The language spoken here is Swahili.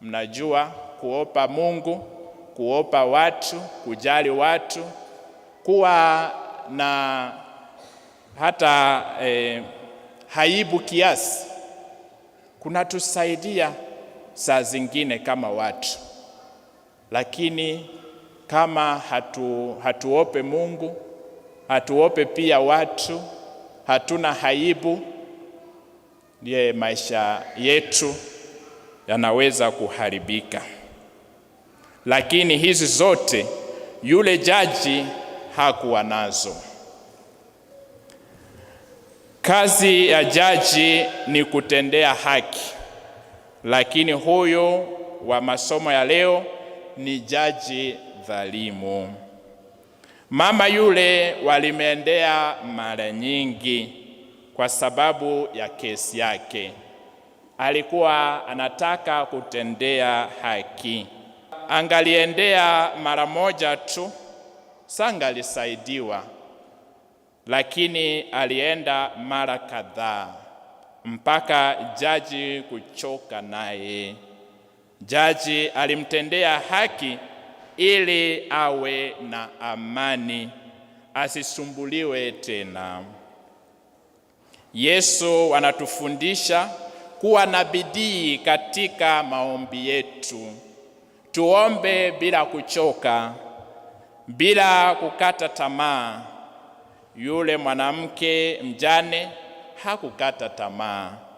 Mnajua kuopa Mungu, kuopa watu, kujali watu, kuwa na hata e, haibu kiasi kunatusaidia saa zingine kama watu, lakini kama hatu, hatuope Mungu, hatuope pia watu, hatuna haibu, ndiye maisha yetu yanaweza kuharibika. Lakini hizi zote yule jaji hakuwa nazo. Kazi ya jaji ni kutendea haki, lakini huyo wa masomo ya leo ni jaji dhalimu. Mama yule walimeendea mara nyingi kwa sababu ya kesi yake alikuwa anataka kutendea haki. Angaliendea mara moja tu, sangalisaidiwa, lakini alienda mara kadhaa mpaka jaji kuchoka naye. Jaji alimtendea haki ili awe na amani, asisumbuliwe tena. Yesu anatufundisha kuwa na bidii katika maombi yetu. Tuombe bila kuchoka, bila kukata tamaa. Yule mwanamke mjane hakukata tamaa.